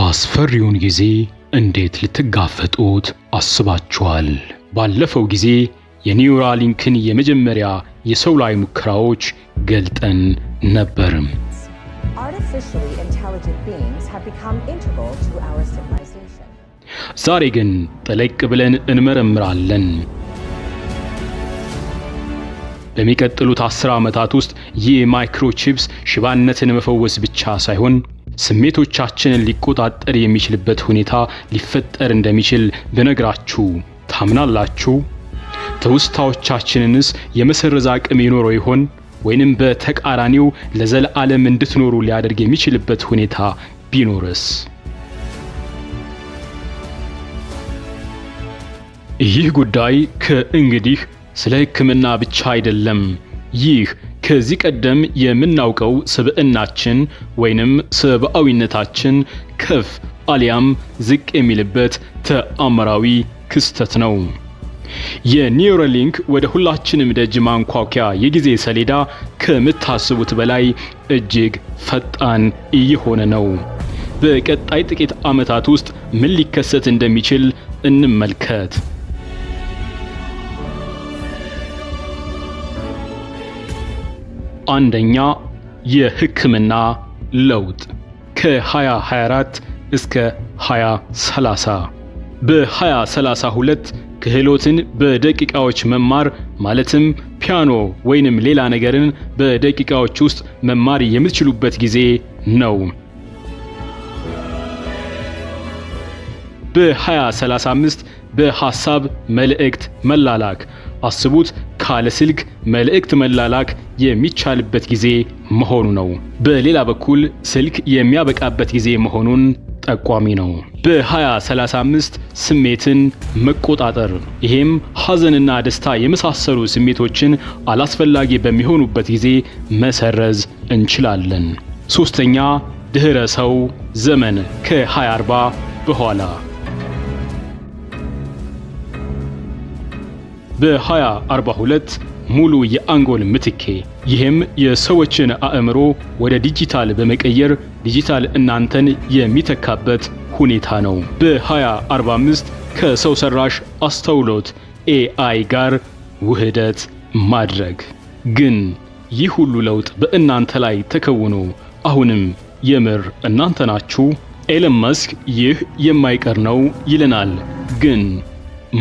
አስፈሪውን ጊዜ እንዴት ልትጋፈጡት አስባችኋል? ባለፈው ጊዜ የኒውራሊንክን የመጀመሪያ የሰው ላይ ሙከራዎች ገልጠን ነበርም ዛሬ ግን ጠለቅ ብለን እንመረምራለን። በሚቀጥሉት አስር ዓመታት ውስጥ ይህ ማይክሮቺፕስ ሽባነትን መፈወስ ብቻ ሳይሆን ስሜቶቻችንን ሊቆጣጠር የሚችልበት ሁኔታ ሊፈጠር እንደሚችል ብነግራችሁ ታምናላችሁ? ትውስታዎቻችንንስ የመሰረዝ አቅም ይኖረው ይሆን? ወይንም በተቃራኒው ለዘለዓለም እንድትኖሩ ሊያደርግ የሚችልበት ሁኔታ ቢኖርስ? ይህ ጉዳይ ከእንግዲህ ስለ ሕክምና ብቻ አይደለም። ይህ ከዚህ ቀደም የምናውቀው ስብዕናችን ወይንም ሰብአዊነታችን ከፍ አሊያም ዝቅ የሚልበት ተአምራዊ ክስተት ነው። የኒውሮሊንክ ወደ ሁላችንም ደጅ ማንኳኳያ የጊዜ ሰሌዳ ከምታስቡት በላይ እጅግ ፈጣን እየሆነ ነው። በቀጣይ ጥቂት ዓመታት ውስጥ ምን ሊከሰት እንደሚችል እንመልከት። አንደኛ የህክምና ለውጥ ከ2024 እስከ 2030 በ2032 ክህሎትን በደቂቃዎች መማር ማለትም ፒያኖ ወይንም ሌላ ነገርን በደቂቃዎች ውስጥ መማር የምትችሉበት ጊዜ ነው። በ2035 በሐሳብ መልእክት መላላክ አስቡት፣ ካለ ስልክ መልእክት መላላክ የሚቻልበት ጊዜ መሆኑ ነው። በሌላ በኩል ስልክ የሚያበቃበት ጊዜ መሆኑን ጠቋሚ ነው። በ2035 ስሜትን መቆጣጠር ይሄም ሐዘንና ደስታ የመሳሰሉ ስሜቶችን አላስፈላጊ በሚሆኑበት ጊዜ መሰረዝ እንችላለን። ሶስተኛ ድህረ ሰው ዘመን ከ2040 በኋላ በ2042 ሙሉ የአንጎል ምትኬ። ይህም የሰዎችን አእምሮ ወደ ዲጂታል በመቀየር ዲጂታል እናንተን የሚተካበት ሁኔታ ነው። በ2045 ከሰው ሰራሽ አስተውሎት ኤአይ ጋር ውህደት ማድረግ። ግን ይህ ሁሉ ለውጥ በእናንተ ላይ ተከውኖ አሁንም የምር እናንተ ናችሁ? ኤለን መስክ ይህ የማይቀር ነው ይለናል። ግን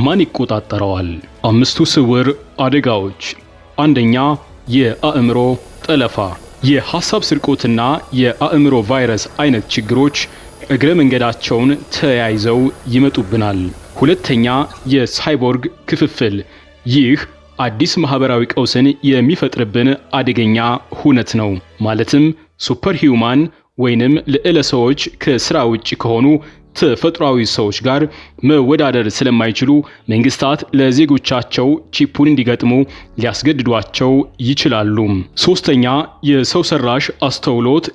ማን ይቆጣጠረዋል? አምስቱ ስውር አደጋዎች። አንደኛ፣ የአእምሮ ጠለፋ። የሐሳብ ስርቆትና የአእምሮ ቫይረስ አይነት ችግሮች እግረ መንገዳቸውን ተያይዘው ይመጡብናል። ሁለተኛ፣ የሳይቦርግ ክፍፍል። ይህ አዲስ ማህበራዊ ቀውስን የሚፈጥርብን አደገኛ ሁነት ነው። ማለትም ሱፐር ሂውማን ወይንም ልዕለ ሰዎች ከስራ ውጭ ከሆኑ ተፈጥሯዊ ሰዎች ጋር መወዳደር ስለማይችሉ መንግስታት ለዜጎቻቸው ቺፑን እንዲገጥሙ ሊያስገድዷቸው ይችላሉ። ሶስተኛ የሰው ሰራሽ አስተውሎት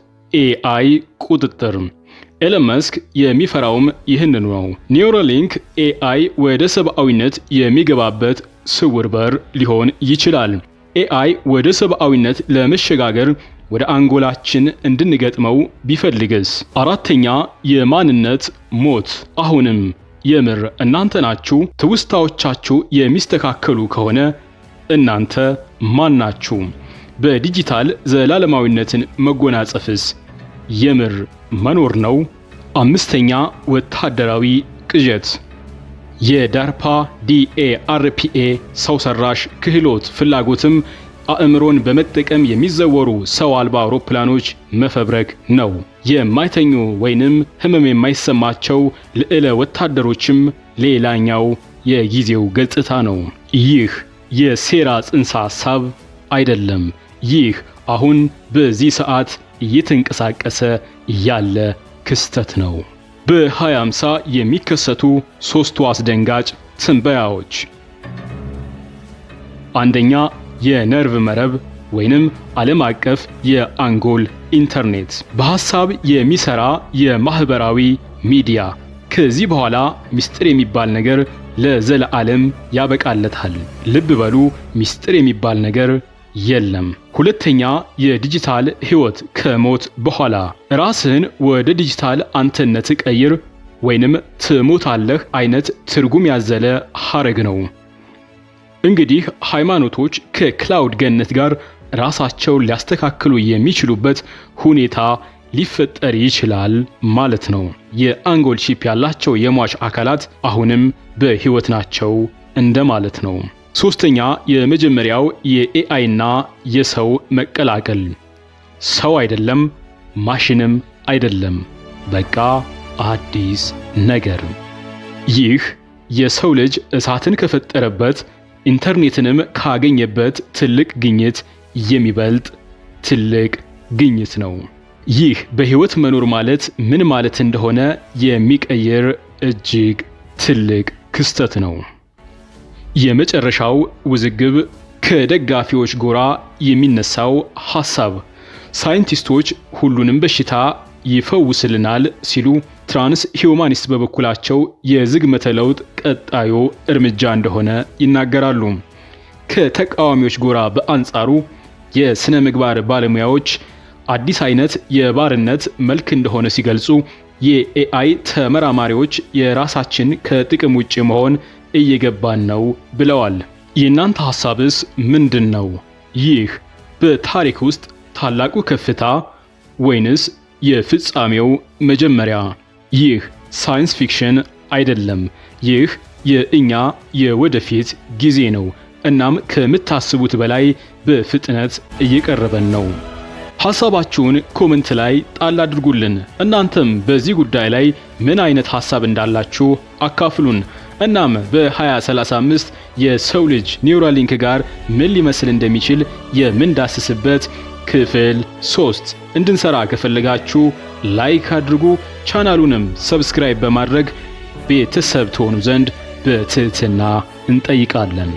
ኤአይ ቁጥጥር ኤለን መስክ የሚፈራውም ይህንን ነው። ኒውራሊንክ ኤአይ ወደ ሰብአዊነት የሚገባበት ስውር በር ሊሆን ይችላል። ኤአይ ወደ ሰብአዊነት ለመሸጋገር ወደ አንጎላችን እንድንገጥመው ቢፈልግስ? አራተኛ የማንነት ሞት። አሁንም የምር እናንተ ናችሁ። ትውስታዎቻችሁ የሚስተካከሉ ከሆነ እናንተ ማን ናችሁ? በዲጂታል ዘላለማዊነትን መጎናጸፍስ የምር መኖር ነው? አምስተኛ ወታደራዊ ቅዠት። የዳርፓ ዲኤአርፒኤ ሰው ሰራሽ ክህሎት ፍላጎትም አእምሮን በመጠቀም የሚዘወሩ ሰው አልባ አውሮፕላኖች መፈብረክ ነው። የማይተኙ ወይንም ህመም የማይሰማቸው ልዕለ ወታደሮችም ሌላኛው የጊዜው ገጽታ ነው። ይህ የሴራ ጽንሰ ሐሳብ አይደለም። ይህ አሁን በዚህ ሰዓት እየተንቀሳቀሰ ያለ ክስተት ነው። በ2050 የሚከሰቱ ሦስቱ አስደንጋጭ ትንበያዎች አንደኛ የነርቭ መረብ ወይንም ዓለም አቀፍ የአንጎል ኢንተርኔት በሐሳብ የሚሰራ የማህበራዊ ሚዲያ ከዚህ በኋላ ሚስጥር የሚባል ነገር ለዘለዓለም ያበቃለታል። ልብ በሉ ሚስጥር የሚባል ነገር የለም። ሁለተኛ የዲጂታል ህይወት ከሞት በኋላ ራስህን ወደ ዲጂታል አንተነት ቀይር ወይንም ትሞታለህ አይነት ትርጉም ያዘለ ሐረግ ነው። እንግዲህ ሃይማኖቶች ከክላውድ ገነት ጋር ራሳቸውን ሊያስተካክሉ የሚችሉበት ሁኔታ ሊፈጠር ይችላል ማለት ነው። የአንጎል ቺፕ ያላቸው የሟች አካላት አሁንም በህይወት ናቸው እንደማለት ነው። ሶስተኛ፣ የመጀመሪያው የኤአይና የሰው መቀላቀል። ሰው አይደለም፣ ማሽንም አይደለም፣ በቃ አዲስ ነገር። ይህ የሰው ልጅ እሳትን ከፈጠረበት ኢንተርኔትንም ካገኘበት ትልቅ ግኝት የሚበልጥ ትልቅ ግኝት ነው። ይህ በህይወት መኖር ማለት ምን ማለት እንደሆነ የሚቀይር እጅግ ትልቅ ክስተት ነው። የመጨረሻው ውዝግብ ከደጋፊዎች ጎራ የሚነሳው ሐሳብ ሳይንቲስቶች ሁሉንም በሽታ ይፈውስልናል ሲሉ ትራንስ ሂውማኒስት በበኩላቸው የዝግመተ ለውጥ ቀጣዩ እርምጃ እንደሆነ ይናገራሉ። ከተቃዋሚዎች ጎራ በአንጻሩ የሥነ ምግባር ባለሙያዎች አዲስ አይነት የባርነት መልክ እንደሆነ ሲገልጹ የኤአይ ተመራማሪዎች የራሳችን ከጥቅም ውጭ መሆን እየገባን ነው ብለዋል። የእናንተ ሐሳብስ ምንድን ነው? ይህ በታሪክ ውስጥ ታላቁ ከፍታ ወይንስ የፍጻሜው መጀመሪያ? ይህ ሳይንስ ፊክሽን አይደለም። ይህ የእኛ የወደፊት ጊዜ ነው። እናም ከምታስቡት በላይ በፍጥነት እየቀረበን ነው። ሐሳባችሁን ኮመንት ላይ ጣል አድርጉልን። እናንተም በዚህ ጉዳይ ላይ ምን አይነት ሐሳብ እንዳላችሁ አካፍሉን። እናም በ2035 የሰው ልጅ ኒውራሊንክ ጋር ምን ሊመስል እንደሚችል የምንዳስስበት ክፍል ሶስት እንድንሰራ ከፈለጋችሁ ላይክ አድርጉ፣ ቻናሉንም ሰብስክራይብ በማድረግ ቤተሰብ ትሆኑ ዘንድ በትህትና እንጠይቃለን።